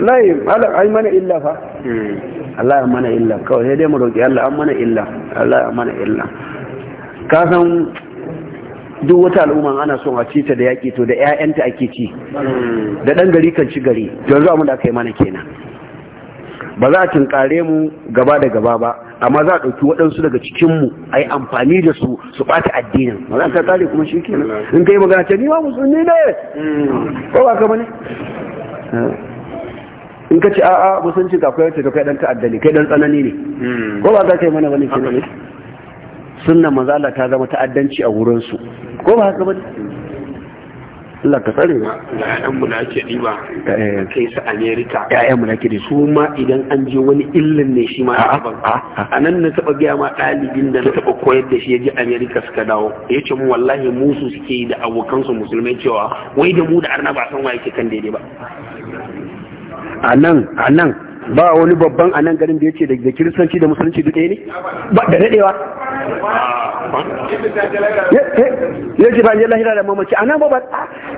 S1: layi ai mana illa fa Allah ya mana illa kawai sai dai mu roƙi Allah an mana illa Allah ya mana illa ka san duk wata al'umma ana son a cita da yaƙi to da 'ya'yanta ake ci da ɗan gari kan ci gari yanzu amma da aka yi mana kenan ba za a tunkare mu gaba da gaba ba amma za a ɗauki waɗansu daga cikinmu a yi amfani da su su ɓata addinin ba za ta tsare kuma shi kenan in ka yi magana ce ni ma musulmi ne ko ba ka bane in ka ce a'a musulunci ka koyar ta kai dan ta'adda ne kai dan tsanani ne ko ba za ka yi mana wani kenan sunna manzo Allah ta zama ta'addanci a wurin su ko ba haka ba Allah ka tsare ba ƴaƴanmu da ake riba eh. kai su Amerika mu da ke su ma idan an je wani illin ne shi ma ah, ah, ah. a nan na taɓa ga ma ɗalibin da na taɓa koyar da shi ya je Amerika suka dawo yace mu wallahi musu suke yi da abokansu musulmai cewa wai da mu da arna ba san wa yake kan daidai ba a nan a nan ba wani babban a nan garin da ya ce da kiristanci da musulunci duk ne ba da daɗewa ya ce ba lahira da mamaci a nan ba ba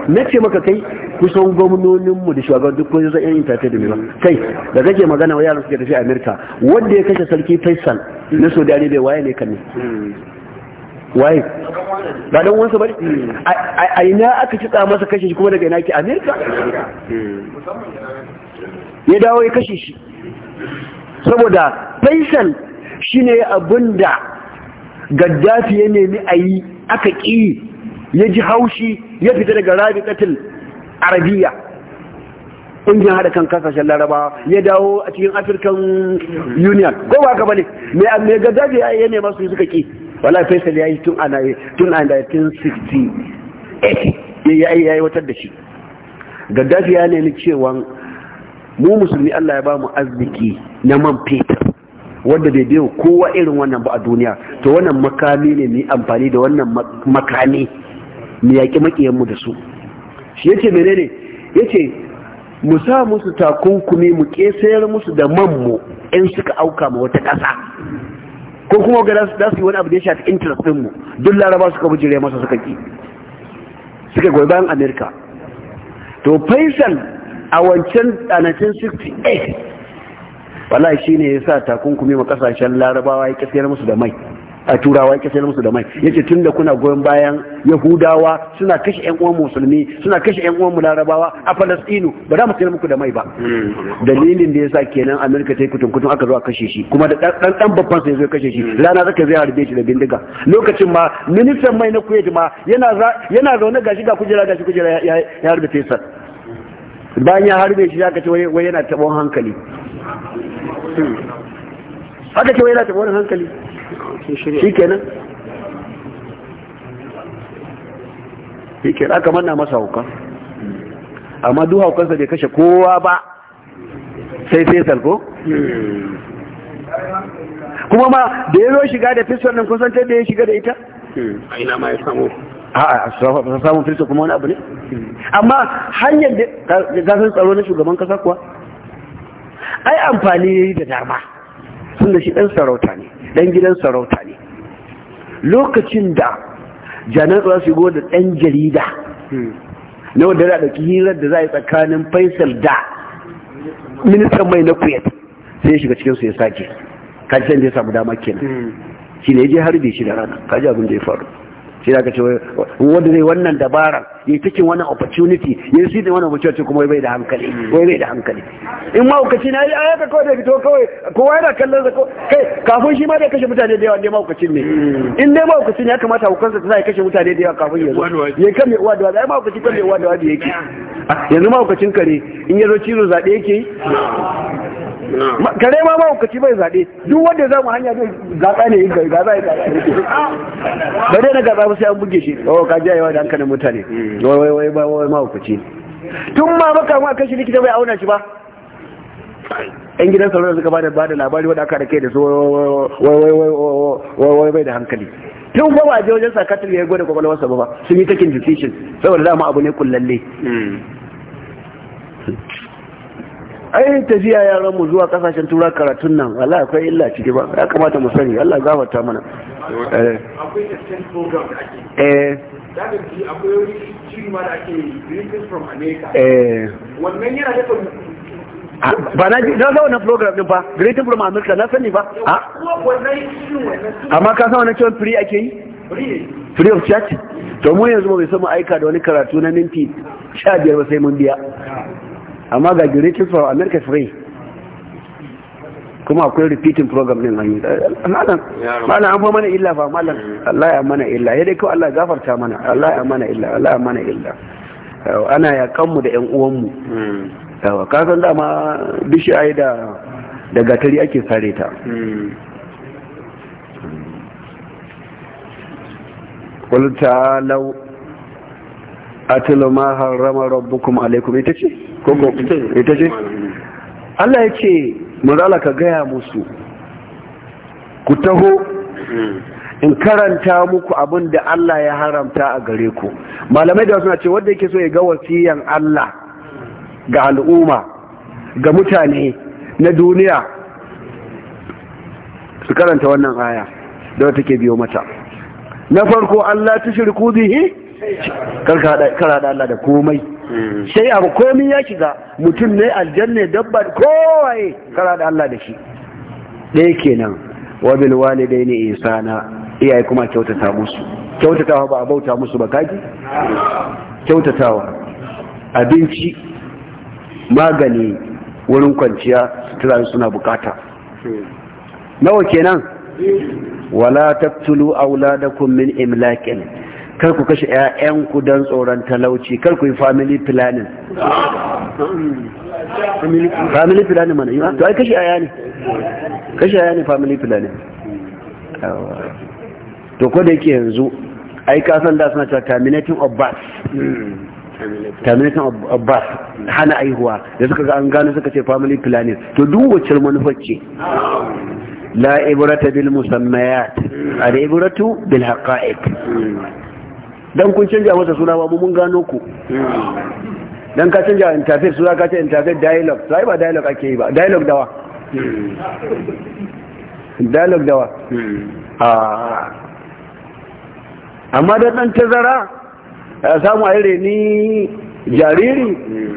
S1: na ce maka kai kusan gwamnoninmu da shugaban duk kun zai yan intanet da ba kai da kake magana wa yaran suke a amerika wanda ya kashe sarki faisal na saudi bai waye ne kan ne waye ba dan wansa bane a ina aka ci tsamasa kashe shi kuma daga ina ke amerika ya dawo ya kashe shi saboda faisal shine abin da gaddafi ya nemi a yi aka ƙi ya ji haushi ya fita daga rabitatul arabiya ƙungiyar haɗa kan kasashen larabawa ya dawo a cikin african union ko ba ka bane mai gaddafi ya nema su suka ƙi wala faisal ya yi tun a 1960 ya yi aiwatar da shi gaddafi ya nemi cewa mu musulmi Allah ya ba mu arziki na man fetur wanda bai biyo kowa irin wannan ba a duniya to wannan makami ne mu amfani da wannan makami mai yaƙi mu da su shi yace menene ce mu sa musu takunkumi mu kesayar musu da man mu in suka auka ma wata ƙasa ko kuma ga za su yi wani abu da ya shafi interest mu. duk laraba suka bujire masa suka ki suka goyi bayan amerika to faisal a wancan wala shi ne ya sa takunkumi ma kasashen larabawa ya kasiyar musu da mai a turawa ya kasiyar musu da mai yace tunda kuna goyon bayan yahudawa suna kashe yan uwan musulmi suna kashe yan uwan larabawa a Falasɗinu ba za mu sayar muku da mai ba
S3: hmm.
S1: dalilin da ya sa kenan Amurka ta yi kutun kutun aka zo a kashe shi kuma da ɗanɗan babban sai zo kashe shi rana ka zai harbe shi da bindiga lokacin ma ministan mai na kuwait ma yana yana zaune gashi ga kujera gashi kujera ya harbe tesar bayan ya harbe shi zaka ce wai yana tabon hankali haka ce wai yana tabon hankali shi kenan shi ke aka manna masa hauka amma duk haukansa bai kashe kowa ba sai sai salko kuma ma da ya zo shiga da fiswar nan kusan ta da ya shiga da ita
S3: a ina ma ya samu
S1: a'a samun filta kuma wani abu ne amma hanyar da gasar tsaro na shugaban kasa kuwa ai amfani ya yi da dama sun da shi ɗan sarauta ne dan gidan sarauta ne lokacin da janar tsaro su go da ɗan jarida na wanda za a ɗauki hirar da za a yi tsakanin faisal da ministan mai na Kuwait sai ya shiga cikinsu ya sake kaji da ya samu dama kenan hmm. shi ne ya je harbe shi da rana kaji abin da ya faru shi da aka ce wanda zai wannan dabara ya yi wannan opportunity ya yi wannan opportunity kuma bai da hankali wai bai da hankali in mahaukaci na yi a yaka kawai da fito kawai kowa yana kallon sa kai kafin shi ma da kashe mutane da yawa ne mahaukacin ne in dai mahaukacin ya kamata hukunsa ta zai kashe mutane da yawa kafin ya zo ya kan mai uwa da kan mai uwa da yake yanzu mahaukacin kare in ya zo ciro zaɓe yake kare ma mahaukaci bai zaɓe duk wanda za mu hanya zai gaɓa ne gaza ya gaza ba dai na gaza kuma sai an buge shi oh ka ji yawa da hankalin mutane wai wai wai ba wai ma hukuci tun ma baka ma kashi likita bai auna shi ba yan gidan sauran suka bada bada labari wanda aka rake da su wai wai wai wai wai bai da hankali tun ba ba je wajen sakatar ya gwada kwakwalwarsa ba sun yi takin decision saboda dama abu ne kullalle ai tafiya yaran mu zuwa kasashen tura karatun nan Allah akwai illa ciki ba ya kamata mu sani Allah gafarta mana eh eh wannan yana da ah, ba na na ga wannan program din ba greeting from America na sani ba ah. amma ka san wannan cewa free ake yi free of charge to mu yanzu ba bai samu aika da wani karatu na minti 15 ba sai mun biya amma ga greatest for america free kuma akwai repeating program din hanyar yi malam an fa mana illa fa malam Allah ya mana illa ya dai kawai Allah gafarta mana Allah ya mana illa Allah ya mana illa ana ya kanmu da yan uwan mu hmm. yawa ka san dama bishiya da da gatari ake sare ta hmm. qul ta'alu atlu ma harrama rabbukum alaykum ita ce ce Allah ya ce mazala ka gaya musu ku taho in karanta muku abin da Allah ya haramta a gare ku malamai da suna ce wanda yake so ya ga wasiyan Allah ga al'umma ga mutane na duniya su karanta wannan aya da wata ke biyo mata na farko Allah ta shirku zihi kar Allah da komai Mm. sai abu komi ya shiga mutum ne aljanna dabba kowaye kara da Allah da shi ɗaya kenan wa bil walidaini na iyaye kuma kyautata musu kyautatawa ba a bauta musu ba kaji kyautatawa abinci magani wurin kwanciya sutura suna bukata nawa kenan
S3: mm.
S1: wala tattulu auladakum min imlaqin kar ku kashe ƴaƴan ku don tsoron talauci kar ku yi family planning
S3: family planning mana yiwa to ai kashe ƴaƴa ne
S1: kashe ƴaƴa ne family planning to ko da yake yanzu ai ka san da suna cewa terminating of birth terminating of birth hana aihuwa da suka ga an gano suka ce family planning to duk wacce manufar ce la ibrata bil musammayat al ibratu bil haqa'iq dan kun canja masa suna ba mun gano ku dan ka canja interface suna ka ce interface dialogue sai ba dialogue ake yi ba dialogue dawa dialogue dawa ah. amma da dan tazara samu aire ni jariri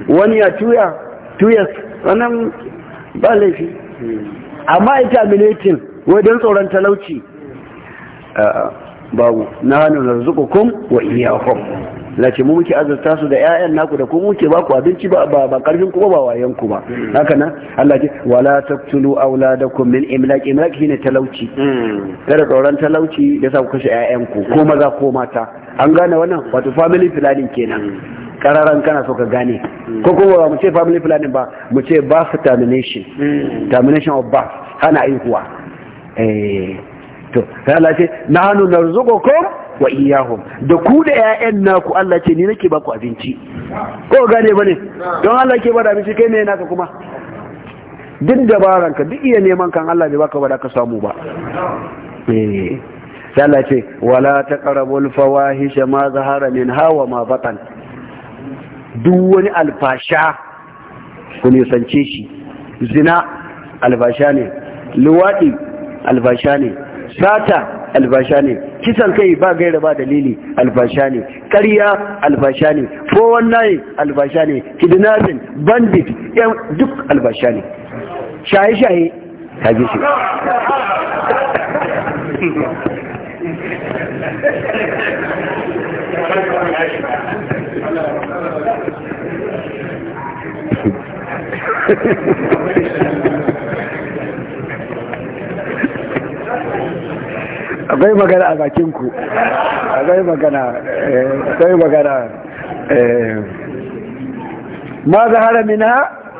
S1: wani ya tuya tuya wannan ba laifi amma ita abilitin wai don tsoron talauci ah. babu zuku kun wa iyyahum lace mu muke azurta su da ƴaƴan naku da ku muke ba abinci ba karfin ku ba wayan ku ba haka nan Allah ce wala taqtulu auladakum min imlaq imlaq shine talauci hmm. kada tsoron talauci da sa ku kashe ƴaƴan ku ko maza ko mata an gane wannan wato family planning kenan hmm. kararan kana so ka gane hmm. ko kuma ba mu ce family planning ba mu ce birth termination termination of birth hana aihuwa eh to sai Allah ce narzuqukum wa iyyahum da ku da ƴaƴan naku Allah ce ni nake ba ku abinci ko gane bane don Allah ke ba abinci kai ne naka kuma duk dabaran ka duk iya neman kan Allah bai baka ba ka samu ba eh sai Allah ce wala taqrabul fawahisha ma zahara min hawa ma batan duk wani alfasha ku nisance shi zina alfasha ne luwaɗi alfasha ne sata albasha ne kisan kai ba gaira ba dalili albasha ne ƙarya albasha ne 419 albasha ne kidnapping bandit duk albasha ne shaye-shaye ta shi
S3: Thank <laughs> you.
S1: akwai magana a bakinku akwai magana eh, akwai magana eh, ma zahara mina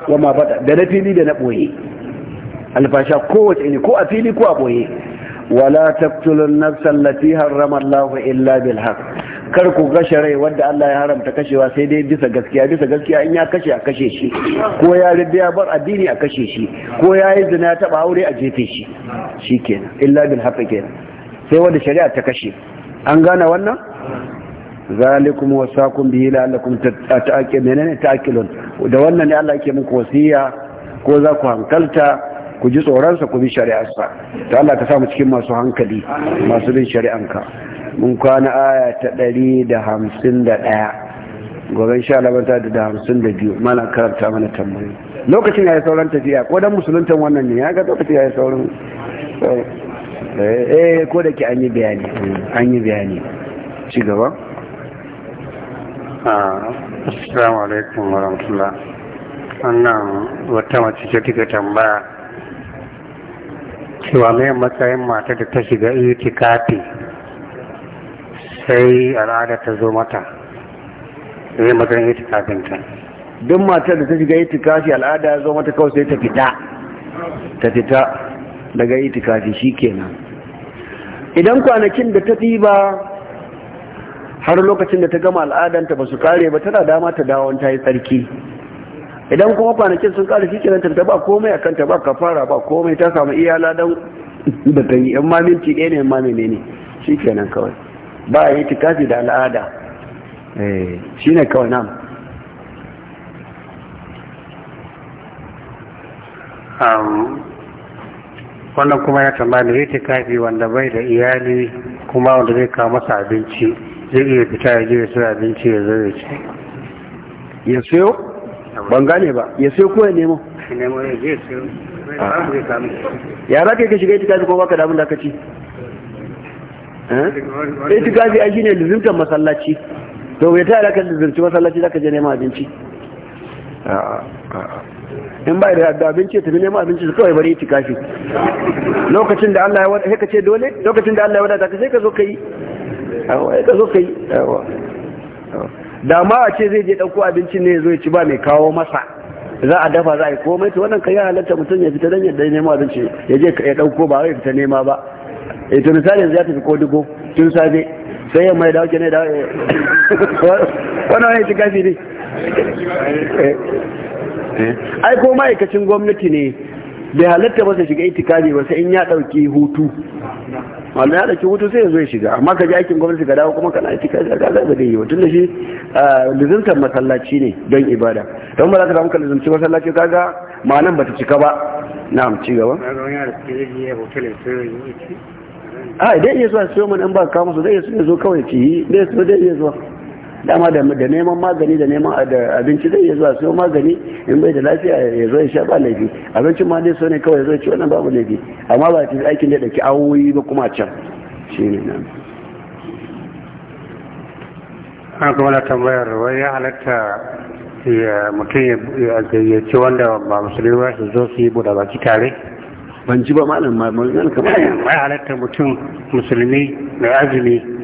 S1: wa ma bada da na fili da na ɓoye, alfasha kowace ne ko a fili ko a ɓoye. wala taqtulun na lati haramar Allah illa bil kar ku kashe rai wadda Allah ya haramta kashewa sai dai bisa gaskiya bisa gaskiya in ya kashe a kashe shi ko ya ridda ya bar addini a kashe shi ko ya yi zina ya taɓa aure a jefe shi shikenan illa bil haqq kenan sai wanda shari'a ta kashe an gane wannan zalikum wasakum bihi la'allakum ta'aqilun menene ta'aqilun da wannan ne Allah yake muku wasiya ko za ku hankalta ku ji tsoron sa ku bi shari'ar sa to Allah ka sa mu cikin masu hankali masu bin ka. mun kwana aya ta 151 gobe insha Allah ta da 52 mana karanta mana tambayoyi lokacin ya yi sauran tafiya ko dan musuluntan wannan ne ya ga lokacin ya yi sauran eh, Eh, eh ko da ke an yi bayani an yi bayani ci gaba
S4: ah, assalamu alaikum wa rahmatullah wannan wata mace ce take tambaya
S3: cewa mai matsayin mata da ta shiga itikafi sai al'ada ta zo mata zai matsayin kafinta.
S1: duk matar da ta shiga itikafi al'ada ya zo mata kawai sai ta fita ta fita daga itikafi shi kenan idan kwanakin da ta ɗiba har lokacin da ta gama al'adanta ba su kare ba tana dama ta dawon ta yi tsarki idan kuma kwanakin sun kare shi kiranta ta ba komai a kanta ba ka fara ba komai ta samu iya ladan da ta yi yan ɗaya ne yan mamine ne shi kenan kawai ba a yi tikafi da al'ada eh, shi ne kawai nan
S4: wannan kuma ya tambaya mai itikafi wanda bai da iyali kuma wanda zai kawo masa abinci zai iya fita ya je ya sayo abinci ya zai ci ya sayo ban
S1: gane ba ya sayo ko ya nemo ya za ka ka shiga itikafi ko baka da abin da aka ci
S3: eh?
S1: itikafi ai shine lizimtar masallaci to bai ta yi da ka lizimci masallaci za ka je neman abinci in ba da abinci tafi neman abinci su kawai bari shi lokacin da Allah ya wada sai ka ce dole lokacin da Allah ya wada ta sai ka zo kai yawa ka zo kai yawa da ma a ce zai je dauko abincin ne zo ya ci ba mai kawo masa za a dafa za a yi komai to wannan kai ya halatta mutum ya fita dan ya dai neman abinci ya je ya dauko ba wai fita nema ba eh to misali yanzu ya tafi ko dugo tun safe sai yamma ya dawo kenan da eh. <laughs> wannan ne itikafi ne eh. Eh, ai ko ma'aikacin gwamnati ne bai halatta ba shiga itikali ba sai in ya dauki hutu wanda ya dauki hutu sai ya zo ya shiga amma ka ji aikin gwamnati ka dawo kuma kana itikafi ka ga zai yi tun da shi lizimtar masallaci ne don ibada don ba za ka samu ka lizimci masallaci kaga ma'anan ba ta cika ba na'am ci gaba a idan iya zuwa siyo mana in ba kama su zai iya zo kawai ci yi zai iya zuwa dama da neman magani da neman abinci zai iya zuwa siyo magani in bai da lafiya ya zo ya sha ba laifi abincin ma dai so ne kawai zai ci wannan babu laifi amma ba ta aikin da ke awoyi ba kuma can shi ne nan
S4: an kuma na tambayar wai ya halatta ya mutum ya gayyaci wanda ba musulmi ba su zo su yi buɗa baki tare ban ji ba
S1: malam ma ban kamar ya halatta mutum musulmi da azumi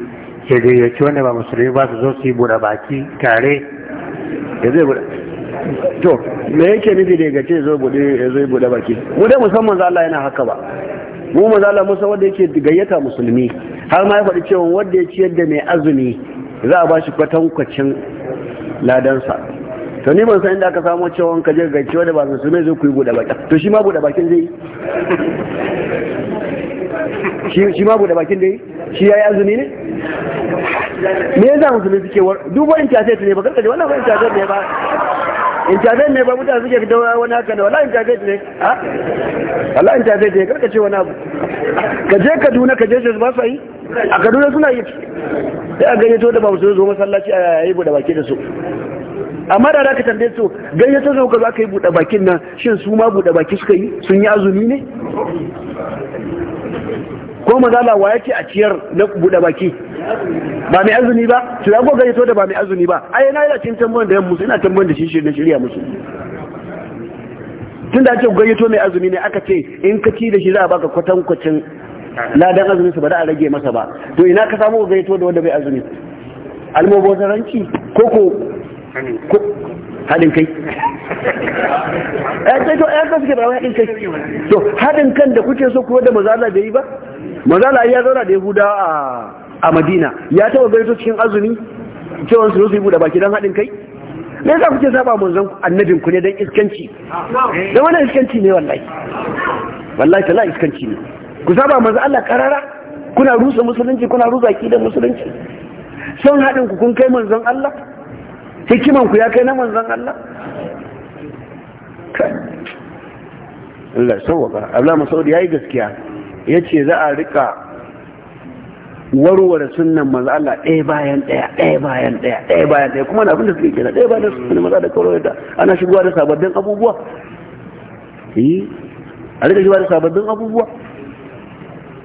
S1: ke gayyaci wanda ba musulmi ba su zo su yi buɗe baki tare da zai buɗe to me yake nufi da gace zo buɗe ya zo buɗe baki mu dai musamman za Allah yana haka ba mu maza Allah musa wanda yake gayyata musulmi har ma ya faɗi cewa wanda ya ciyar da mai azumi za a ba shi kwatankwacin ladansa to ni ban san inda aka samu cewa ka je gaice wanda ba musulmi zai ku yi buɗe baki to shi ma buɗe bakin zai yi shi ma bude bakin da yi shi ya yi azumi ne me yasa musulmi suke war duk wani intafet ne ba karka da wannan wani intafet ne ba intafet ne ba mutane suke fita wani haka da wala intafet ne a wala intafet ne karka ce wani abu ka je kaduna ka je shi ba sa yi a kaduna suna yi sai a gayyato da ba musulmi zo masallaci a yi bude baki da su amma da zaka tambaye su ganye ta zo ka za ka yi buɗe bakin nan shin su ma buɗe baki suka yi sun yi azumi ne ko mazala wa yake a ciyar na bude baki ba mai azumi ba su ya gani to da ba mai azumi ba ai na yana cin tambayar da yammu ina tambayar da shi shirya shirya musu tunda ake gayyato mai azumi ne aka ce in ka ci da shi za a baka kwatankwacin ladan azumin su ba da a rage masa ba to ina ka samu gayyato da wanda bai azumi almubazaranci ko ko haɗin kai ya <laughs> kai eh, to ya eh, ka suke ba haɗin kai to haɗin kan da kuke so kuwa da mazala bai yi ba mazala ya zauna da yahuda a madina ya taɓa gaito cikin azumi cewa su su yi buɗe baki don haɗin kai me ku ce saba manzon annabin ku ne don iskanci da wani iskanci ne wallahi wallahi tala iskanci ne ku saba manzon Allah karara kuna rusa musulunci kuna rusa da musulunci son haɗin ku kun kai manzon Allah hikiman ku ya kai na manzon Allah Allah sawaka masaudi ya yi gaskiya ya ce za a rika warware sunan maza Allah ɗaya bayan ɗaya ɗaya bayan ɗaya ɗaya bayan ɗaya kuma na abin da suke kenan ɗaya bayan sunan maza da kawai da ana shigowa da sababbin abubuwa yi eh, a rika shigowa da sababbin abubuwa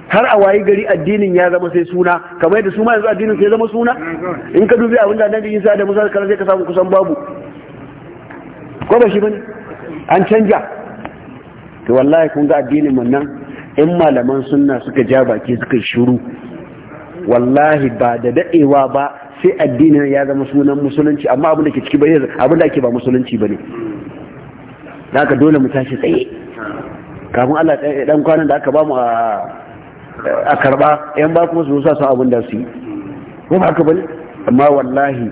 S1: har a wayi gari addinin ya zama sai suna kamar yadda su ma yanzu addinin sai zama suna in ka dubi abin da annabi Isa da Musa kan sai ka samu kusan babu ko ba shi bane an canja to wallahi kun ga addinin mun nan in malaman sunna suka ja baki suka yi shiru wallahi ba da daɗewa ba sai addinin ya zama sunan musulunci amma abin da ke ciki bane abin da ake ba musulunci bane da aka dole mu tashi tsaye kafin Allah dan kwanan da aka ba mu a karba yan ba kuma su sa su abin da su yi ko ba haka bane amma wallahi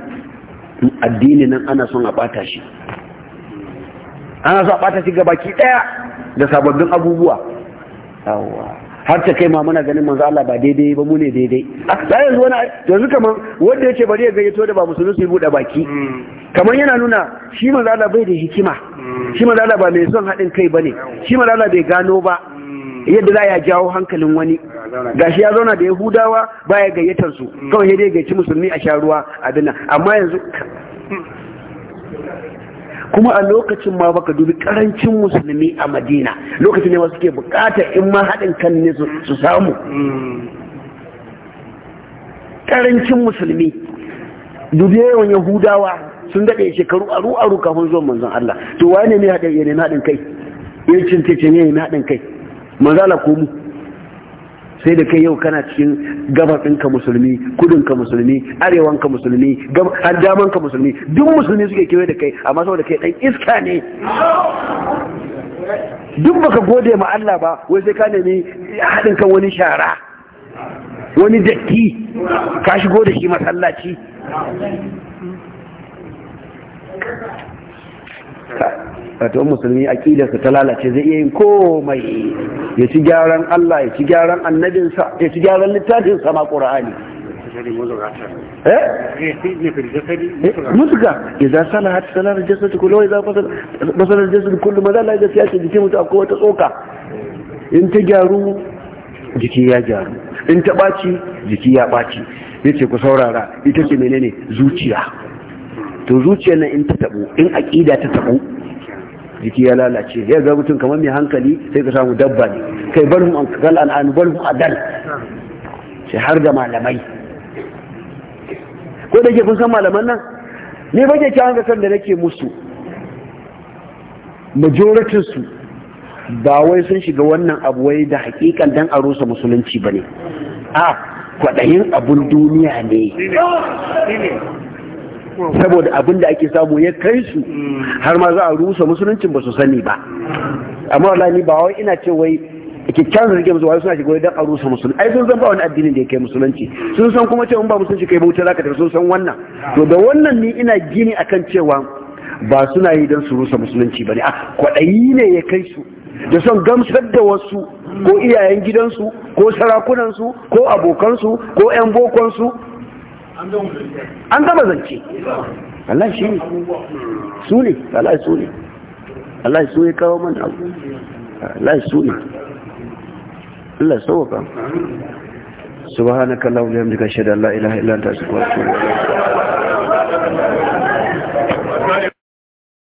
S1: addini nan ana son a bata shi ana son a bata shi ga baki daya da sababbin abubuwa har ta kai ma muna ganin manzo Allah ba daidai ba mu ne daidai da yanzu wani yanzu kaman wanda yace bari ya gayyato da ba musulunci su bude baki kamar yana nuna shi manzo Allah bai da hikima shi manzo Allah ba mai son haɗin kai bane shi manzo Allah bai gano ba yadda za ya jawo hankalin wani gashi ya zauna da yahudawa baya gayyatar su kawai sai dai gayyaci musulmi a sha ruwa a dinnan amma yanzu kuma a lokacin ma baka dubi karancin musulmi a madina lokacin ne suke bukata in ma haɗin kan ne su samu karancin musulmi dubi yawan yahudawa sun daɗe shekaru aru aru kafin zuwan manzon Allah to wane ne haɗin kai yayin haɗin kai haɗin kai manzala ko mu sai da kai yau kana cikin gabasinka musulmi kudinka musulmi arewanka musulmi har damanka musulmi duk musulmi suke kewaye da kai amma saboda kai dan iska ne duk baka gode ma Allah ba wai sai ka nemi haɗin kan wani shara wani datti ka shigo da shi masallaci wato musulmi aqidarsa ta lalace zai iya yin komai ya ci gyaran Allah ya ci gyaran annabinsa ya ci gyaran littafinsa ma ƙura'ani eh? eh? mutuka za sana hati sanar jasad kullu idan masalar jasad kullu maza la da ce jiki mutu akwai wata tsoka in ta gyaru jiki ya gyaru in ta ɓaci jiki ya ɓaci Ya ce ku saurara ita ce menene zuciya to zuciya na in ta taɓo in aƙida ta taɓo jiki ya lalace ya ga mutum kamar mai hankali sai ka samu dabba ne kai bar mu kal al'an bar mu adal sai har da malamai ko da ke kun san malaman nan ne ba ke kyawun kasar da nake musu majoratin su ba wai sun shiga wannan abu wai da hakikan dan a rusa musulunci bane
S3: a kwaɗayin
S1: abun duniya ne saboda abin da ake samu ya kai su har ma za a rusa musuluncin ba su sani ba amma wala ni ba wai ina ce wai kyan zargin musu wai suna shiga wai a rusa musulunci ai sun san ba wani addinin da ya kai musulunci sun san kuma cewa ba musulunci kai bauta zaka tafi sun san wannan to da wannan ni ina gini akan cewa ba suna yi don su rusa musulunci ba ne a kwaɗayi ne ya kai su da son gamsar da wasu ko iyayen gidansu ko sarakunansu ko abokansu ko 'yan bokonsu an gama zance Allah shi ne su ne Allah su ne Allah su ne kawo mana abu Allah su ne Allah waka subhanaka allahumma wa bihamdika ashhadu an la ilaha illa anta
S3: astaghfiruka su